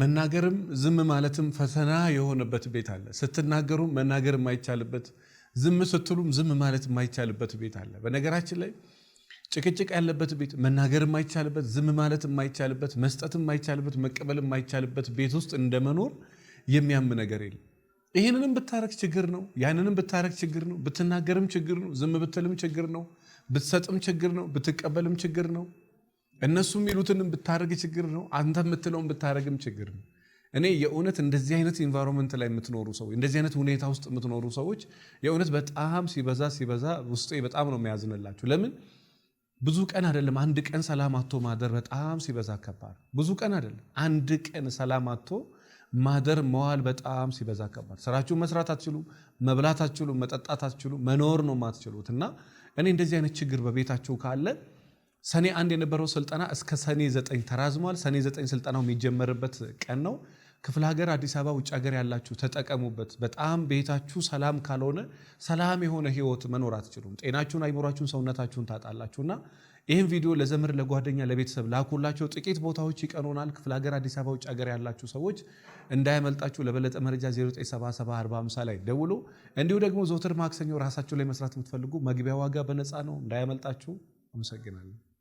መናገርም ዝም ማለትም ፈተና የሆነበት ቤት አለ። ስትናገሩ መናገር የማይቻልበት፣ ዝም ስትሉም ዝም ማለት የማይቻልበት ቤት አለ። በነገራችን ላይ ጭቅጭቅ ያለበት ቤት፣ መናገር የማይቻልበት፣ ዝም ማለት የማይቻልበት፣ መስጠት የማይቻልበት፣ መቀበል የማይቻልበት ቤት ውስጥ እንደመኖር የሚያም ነገር የለም። ይህንንም ብታረግ ችግር ነው፣ ያንንም ብታረግ ችግር ነው፣ ብትናገርም ችግር ነው፣ ዝም ብትልም ችግር ነው፣ ብትሰጥም ችግር ነው፣ ብትቀበልም ችግር ነው። እነሱ የሚሉትንም ብታደርግ ችግር ነው። አንተ የምትለውን ብታደርግም ችግር ነው። እኔ የእውነት እንደዚህ አይነት ኢንቫይሮንመንት ላይ የምትኖሩ ሰዎች፣ እንደዚህ አይነት ሁኔታ ውስጥ የምትኖሩ ሰዎች የእውነት በጣም ሲበዛ ሲበዛ ውስጤ በጣም ነው የሚያዝንላችሁ። ለምን ብዙ ቀን አይደለም አንድ ቀን ሰላም አቶ ማደር በጣም ሲበዛ ከባድ። ብዙ ቀን አይደለም አንድ ቀን ሰላም አቶ ማደር መዋል በጣም ሲበዛ ከባድ። ስራችሁን መስራት አትችሉም፣ መብላት አትችሉም፣ መጠጣት አትችሉም፣ መኖር ነው ማትችሉት እና እኔ እንደዚህ አይነት ችግር በቤታችሁ ካለ ሰኔ አንድ የነበረው ስልጠና እስከ ሰኔ ዘጠኝ ተራዝሟል። ሰኔ ዘጠኝ ስልጠናው የሚጀመርበት ቀን ነው። ክፍለ ሀገር፣ አዲስ አበባ፣ ውጭ ሀገር ያላችሁ ተጠቀሙበት። በጣም ቤታችሁ ሰላም ካልሆነ ሰላም የሆነ ህይወት መኖር አትችሉም። ጤናችሁን፣ አይምሯችሁን፣ ሰውነታችሁን እና ይህም ቪዲዮ ለዘመድ ለጓደኛ ለቤተሰብ ላኩላቸው። ጥቂት ቦታዎች ይቀኑናል። ክፍለ ሀገር፣ አዲስ አበባ፣ ውጭ ሀገር ያላችሁ ሰዎች እንዳያመልጣችሁ። ለበለጠ መረጃ 09774050 ላይ ደውሎ እንዲሁ ደግሞ ዘውትር ማክሰኞ ራሳችሁ ላይ መስራት የምትፈልጉ መግቢያ ዋጋ በነፃ ነው። እንዳያመልጣችሁ። አመሰግናለሁ።